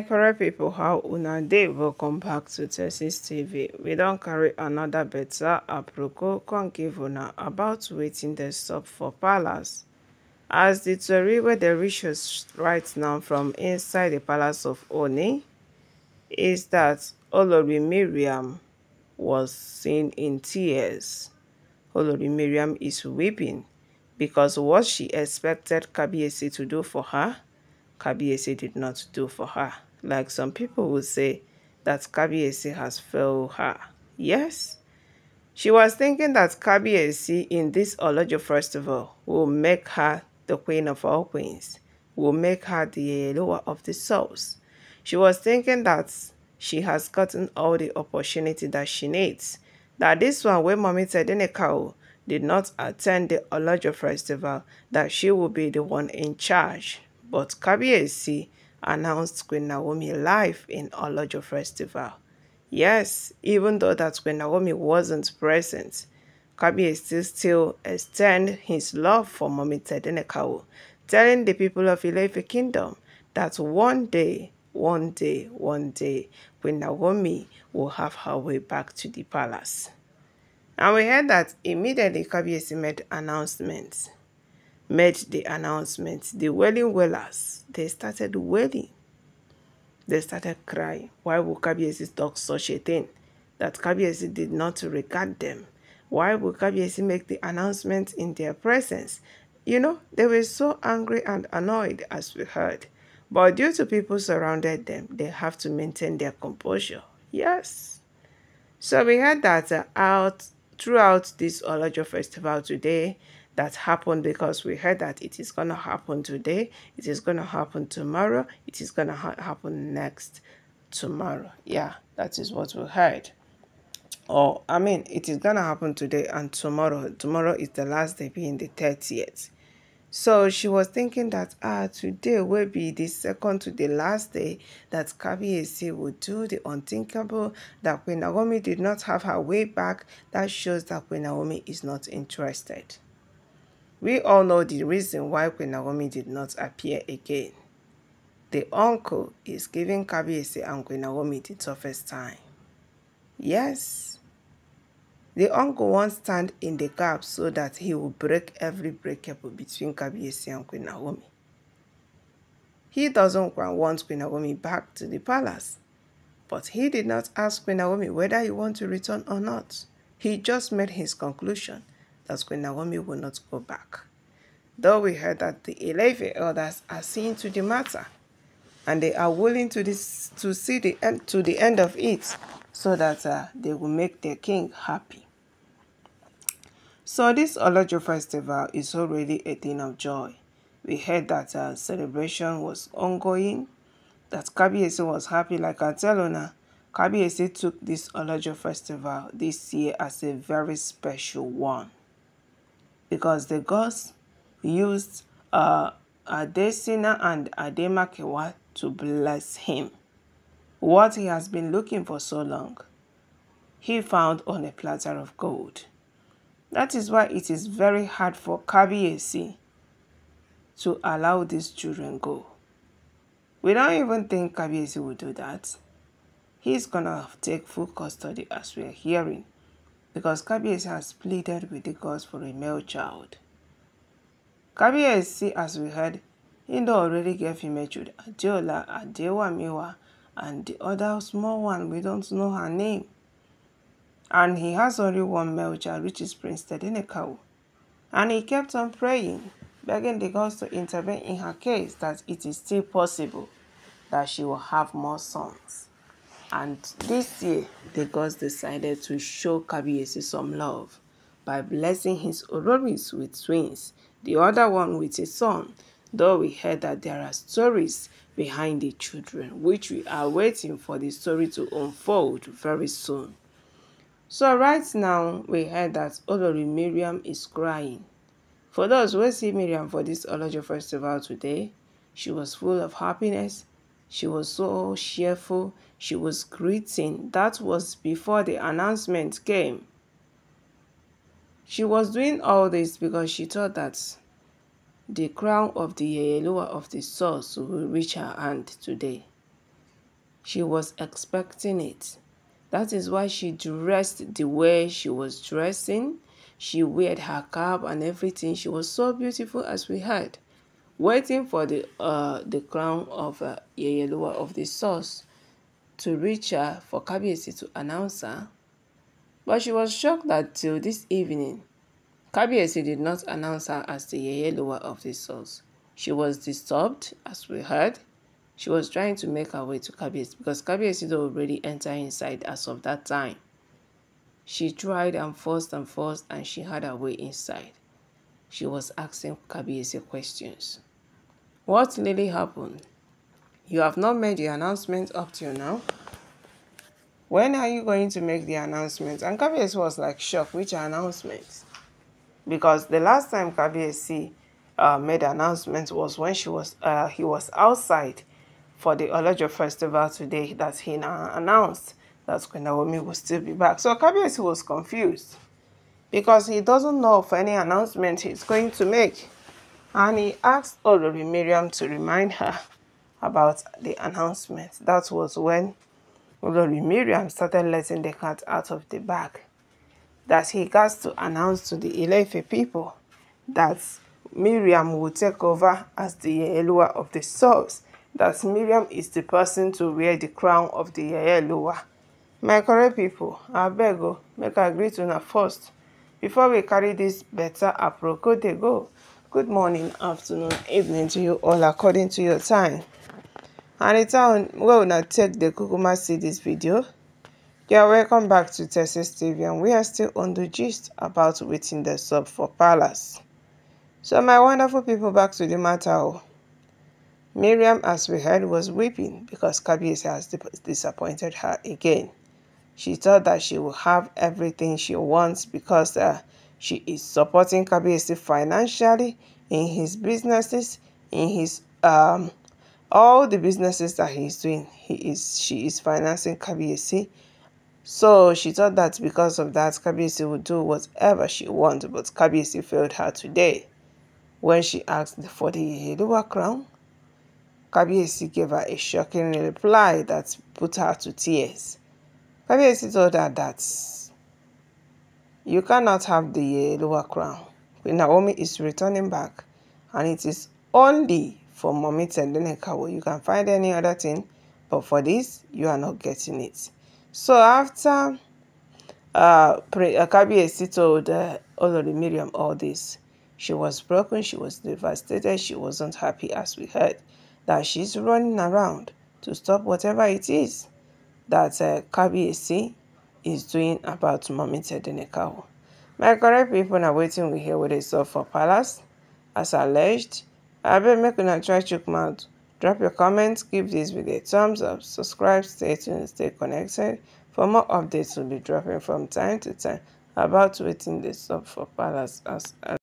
correct people. how una dey welcome back to texas tv we don carry another better aproko come give una about waiting the stop for palace as the tori where the riches right now from inside the palace of oni is that olori Miriam was seen in tears olori Miriam is weeping because what she expected kabiyesi to do for her Kabiesi did not do for her. Like some people would say that Kabiesi has failed her. Yes, she was thinking that Kabiesi in this Olojo festival will make her the queen of all queens, will make her the Eloa of the souls. She was thinking that she has gotten all the opportunity that she needs. That this one, when Mommy Tedenekao did not attend the Olojo festival, that she will be the one in charge but Kabiyesi announced Queen Naomi live in Olojo Festival. Yes, even though that Queen Naomi wasn't present, Kabiyesi still extend his love for Mommy Tedenekawo, telling the people of Ilefe Kingdom that one day, one day, one day, Queen Naomi will have her way back to the palace. And we heard that immediately Kabiyesi made announcements made the announcement, the wailing wailers, they started wailing. They started crying. Why would Kabiesi talk such a thing? That Kabiesi did not regard them. Why would Kabiesi make the announcement in their presence? You know, they were so angry and annoyed as we heard. But due to people surrounded them, they have to maintain their composure. Yes. So we heard that uh, out throughout this Olojo festival today, that happened because we heard that it is going to happen today, it is going to happen tomorrow, it is going to ha happen next tomorrow. Yeah, that is what we heard. Or, I mean, it is going to happen today and tomorrow. Tomorrow is the last day, being the 30th. So she was thinking that ah, today will be the second to the last day that Kabiesi would do the unthinkable, that Queen Naomi did not have her way back. That shows that Queen Naomi is not interested. We all know the reason why Queen Naomi did not appear again. The uncle is giving Kabiese and Queen Naomi the toughest time. Yes, the uncle won't stand in the gap so that he will break every breakable between Kabiese and Queen Naomi. He doesn't want Queen Naomi back to the palace, but he did not ask Queen Naomi whether he want to return or not. He just made his conclusion as Queen Naomi will not go back. Though we heard that the 11 elders are seeing to the matter, and they are willing to, this, to see the end, to the end of it, so that uh, they will make their king happy. So this Olojo festival is already a thing of joy. We heard that uh, celebration was ongoing, that Kabiese was happy like I tell Ona. Kabiese took this Olojo festival this year as a very special one because the gods used uh, Adesina and Ademakewa to bless him. What he has been looking for so long, he found on a platter of gold. That is why it is very hard for Kabiesi to allow these children go. We don't even think Kabiesi will do that. He's gonna take full custody as we are hearing because Kabiyesi has pleaded with the gods for a male child. Kabiyesi, as we heard, Indo already gave him a child, Adeola, Miwa, and the other small one, we don't know her name. And he has only one male child, which is Prince Tedenekau. And he kept on praying, begging the gods to intervene in her case that it is still possible that she will have more sons. And this year, the gods decided to show Kabiyesi some love by blessing his Ororis with twins, the other one with a son, though we heard that there are stories behind the children, which we are waiting for the story to unfold very soon. So right now, we heard that Olori Miriam is crying. For those who see Miriam for this Olojo festival today, she was full of happiness she was so cheerful. She was greeting. That was before the announcement came. She was doing all this because she thought that the crown of the Yeyelua of the source will reach her hand today. She was expecting it. That is why she dressed the way she was dressing. She wore her cap and everything. She was so beautiful as we heard waiting for the uh, the crown of uh, Yeyeluwa of the source to reach her for Kabiesi to announce her. But she was shocked that till this evening, Kabiesi did not announce her as the Yeyeluwa of the source. She was disturbed, as we heard. She was trying to make her way to Kabiesi because Kabiesi had already entered inside as of that time. She tried and forced and forced and she had her way inside she was asking Kabiesi questions. What really happened? You have not made the announcement up till now. When are you going to make the announcement? And Kabiesi was like shocked, which announcement? Because the last time Kabiesi uh, made announcement was when she was uh, he was outside for the Olojo festival today that he announced that Queen will still be back. So Kabiesi was confused because he doesn't know of any announcement he's going to make. And he asked Olori Miriam to remind her about the announcement. That was when Olori Miriam started letting the cat out of the bag. That he got to announce to the Ilefe people that Miriam will take over as the Yelua of the souls. That Miriam is the person to wear the crown of the Yelua. My correct people, I beg you, make agree to you first before we carry this better approach go dey go good morning afternoon evening to you all according to your time and the time wey now take the kukuma see this video you are welcome back to texas tv and we are still on the gist about waiting the sub for palace so my wonderful people back to the matter miriam as we heard was weeping because kabiyesi has disappointed her again she thought that she would have everything she wants because uh, she is supporting Kabiyesi financially in his businesses, in his um, all the businesses that he's doing. He is she is financing Kabiyesi. So she thought that because of that, Kabiyesi would do whatever she wants, but Kabiyesi failed her today. When she asked for the lower crown, Kabiyesi gave her a shocking reply that put her to tears. Kabiyesi told her that you cannot have the eh, lower crown. Naomi is returning back and it is only for Mommy Tendenekawo. You can find any other thing, but for this, you are not getting it. So after uh, uh, Kabiyesi told uh, Olori Miriam all this, she was broken, she was devastated, she wasn't happy as we heard, that she's running around to stop whatever it is that uh, is doing about Mommy Tedenekahu. My correct people are waiting we hear what they saw for Palace. As alleged, I bet make una try check mouth. Drop your comments, give this video a thumbs up, subscribe, stay tuned, stay connected. For more updates will be dropping from time to time about waiting the sub for Palace as